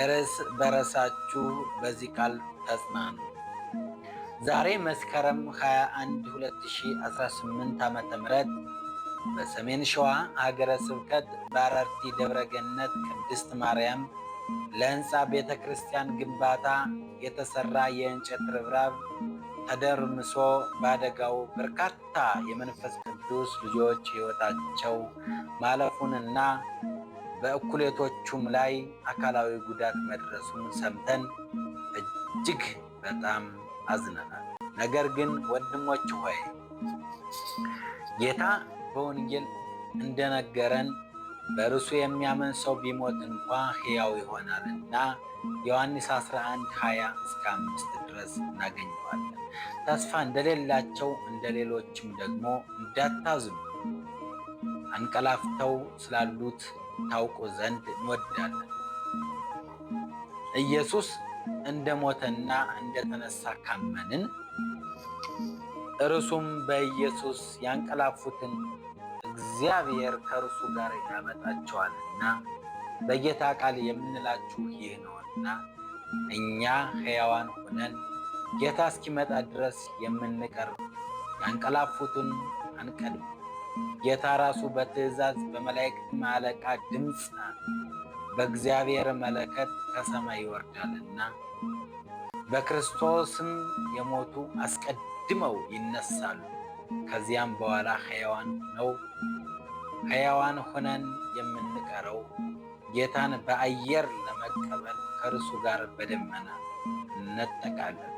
እርስ በረሳችሁ በዚህ ቃል ተጽናኑ። ዛሬ መስከረም 21 2018 ዓ.ም በሰሜን ሸዋ ሀገረ ስብከት በአረርቲ ደብረገነት ቅድስት ማርያም ለሕንፃ ቤተ ክርስቲያን ግንባታ የተሰራ የእንጨት ርብራብ ተደርምሶ በአደጋው በርካታ የመንፈስ ቅዱስ ልጆች ሕይወታቸው ማለፉንና በእኩሌቶቹም ላይ አካላዊ ጉዳት መድረሱን ሰምተን እጅግ በጣም አዝነናል። ነገር ግን ወንድሞች ሆይ ጌታ በወንጌል እንደነገረን በእርሱ የሚያምን ሰው ቢሞት እንኳ ሕያው ይሆናል እና ዮሐንስ 11 20 እስከ 5 ድረስ እናገኘዋለን። ተስፋ እንደሌላቸው እንደ ሌሎችም ደግሞ እንዳታዝኑ አንቀላፍተው ስላሉት ታውቁ ዘንድ እንወዳለን። ኢየሱስ እንደ ሞተና እንደተነሳ ካመንን እርሱም በኢየሱስ ያንቀላፉትን እግዚአብሔር ከእርሱ ጋር ያመጣቸዋልና በጌታ ቃል የምንላችሁ ይህ ነውና እኛ ሕያዋን ሆነን ጌታ እስኪመጣ ድረስ የምንቀርብ ያንቀላፉትን አንቀድም። ጌታ ራሱ በትእዛዝ በመላእክት አለቃ ድምፅ በእግዚአብሔር መለከት ከሰማይ ይወርዳልና በክርስቶስም የሞቱ አስቀድመው ይነሳሉ። ከዚያም በኋላ ሕያዋን ነው ሕያዋን ሆነን የምንቀረው ጌታን በአየር ለመቀበል ከእርሱ ጋር በደመና እንነጠቃለን።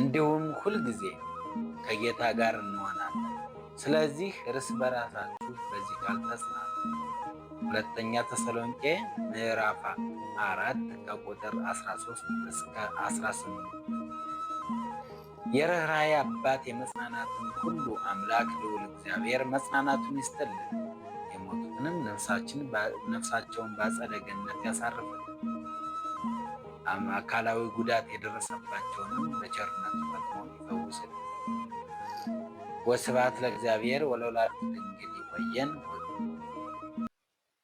እንዲሁም ሁልጊዜ ከጌታ ጋር እንሆናለን። ስለዚህ እርስ በራሳችሁ በዚህ ቃል ተጽናኑ። ሁለተኛ ተሰሎንቄ ምዕራፍ አራት ከቁጥር 13 እስከ 18። የርኅራኄ አባት የመጽናናትን ሁሉ አምላክ ልዑል እግዚአብሔር መጽናናቱን ይስጥልን። የሞቱትንም ነፍሳቸውን በአጸደ ገነት ያሳርፍልን። አካላዊ ጉዳት የደረሰባቸውንም በቸርነቱ ፈጥሞ ይፈውስልን። ወስብሐት ለእግዚአብሔር ወለወላዲቱ ድንግል ይቆየን።